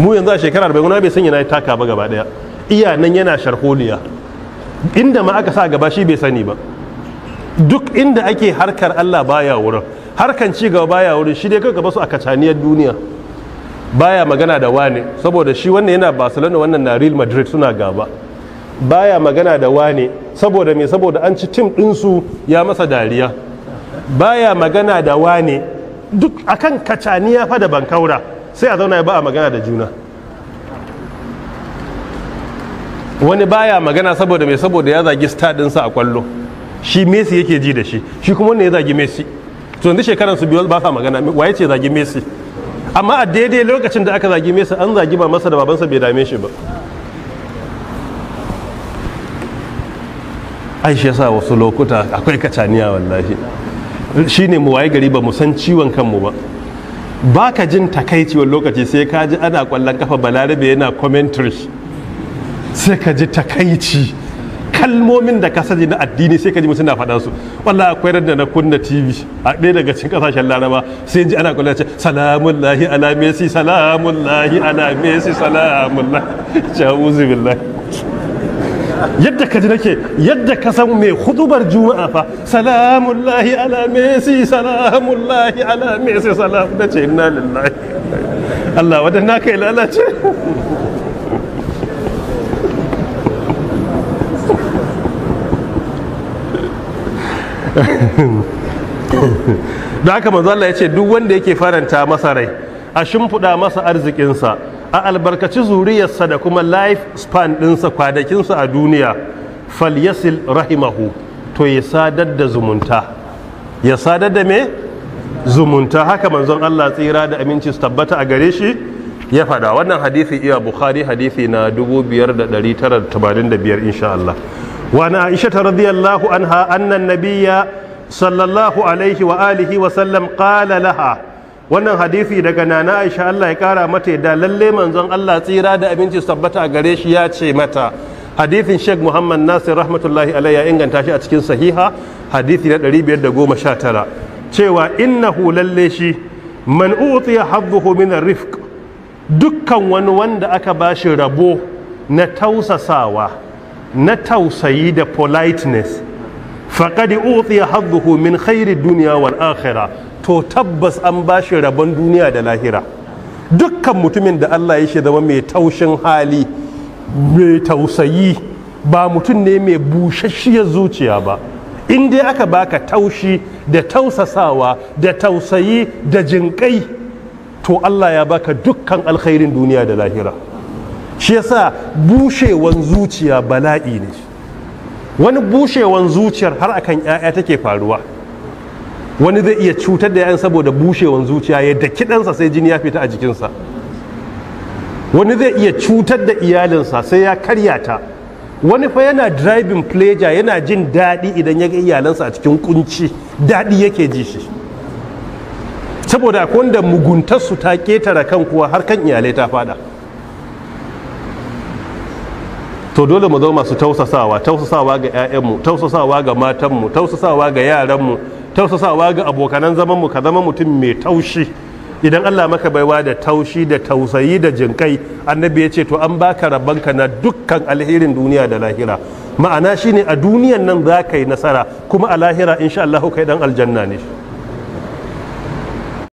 mu yanzu a shekara arba'in wani bai san yana taka ba gaba daya iya nan yana sharholiya inda ma aka sa gaba shi bai sani ba duk inda ake harkar Allah baya wurin harkan ci gaba baya wurin shi dai gaba su a kacaniyar duniya baya magana da wane saboda shi wannan yana Barcelona wannan na Real Madrid suna gaba baya magana da wane saboda me saboda an ci tim ɗinsu ya masa dariya baya magana da wane duk akan kacaniya fa da bankaura sai a zauna ya ba a magana da juna wani baya magana saboda mai saboda ya zagi stadinsa a kwallo shi messi yake ji da shi shi kuma wanda ya zagi messi to yanzu shekaran su biyu ba sa magana waye ce zagi messi amma a daidai lokacin da aka zagi messi an zagi ba masa da babansa bai dame shi ba ai shi yasa wasu lokuta akwai kacaniya wallahi shine mu waye gari ba mu san ciwon kanmu ba ba ka jin takaici wani lokaci sai ka ji ana kwallon kafa balarabe yana commentary sai ka ji takaici kalmomin da ka sani na addini sai ka ji mutum na faɗa su wallah akwai ran na kunna tv a ɗaya daga cikin ƙasashen laraba sai ji ana kwallon ce salamun lahi ala messi salamun lahi ala messi salamun lahi yadda ka ji nake yadda ka san mai hudubar juma'a fa salamun lahi ala mesi, salamun lahi ala mesi, salamun da ce inna lillahi Allah wadda na kai lalace da haka manzo Allah ya ce duk wanda yake faranta masa rai a shimfiɗa masa arzikinsa a albarkaci zuriyarsa da kuma life span ɗinsa kwadakinsa a duniya falyasil rahimahu to ya sadar da zumunta ya sadar da me zumunta haka manzon Allah tsira da aminci su tabbata a gare shi ya faɗa wannan hadisi iya bukhari hadisi na 5985 insha Allah wa na aisha radiyallahu anha annan nabiyya sallallahu alaihi wa alihi wa sallam qala laha wannan hadisi daga nana aisha Allah ya kara mata da lalle manzon Allah tsira da abinci tabbata a gare shi ya ce mata hadithin Sheikh Muhammad Nasir rahmatullahi alaihi ya inganta shi a cikin sahiha hadisi na 519 cewa innahu lalle shi man utiya hadduhu min rifq dukkan wani wanda aka bashi rabo na tausasawa na tausayi da politeness faqad utiya hadduhu min khairi dunya wal akhirah to tabbas an ba shi rabon duniya da lahira dukkan mutumin da Allah ya shi zama mai taushin hali mai tausayi ba mutum ne mai bushashiyar zuciya ba in dai aka baka taushi da tausasawa da tausayi da jinƙai to Allah ya baka dukkan alkhairin duniya da lahira shi yasa bushewan zuciya bala'i ne wani bushewan zuciyar har akan 'ya'ya take faruwa wani zai iya cutar da yayan saboda bushewan zuciya ya da kiɗansa sai jini ya fita a jikinsa wani zai iya cutar da iyalinsa sai ya karya ta wani fa yana driving pleasure yana jin daɗi idan ya ga iyalansa a cikin kunci daɗi yake ji shi saboda akwai wanda muguntarsu ta ketara kan kuwa har kan iyalai ta fada to dole mu zo masu tausasawa tausasawa ga 'ya'yanmu tausasawa ga matanmu tausasawa ga yaranmu tausasawa ga abokanan zaman mu ka zama mutum mai taushi idan Allah maka baiwa da taushi da tausayi da jinkai annabi ya ce to an baka rabbanka na dukkan alherin duniya da lahira ma'ana shine a duniyan nan za ka yi nasara kuma a lahira insha Allah kai dan aljanna ne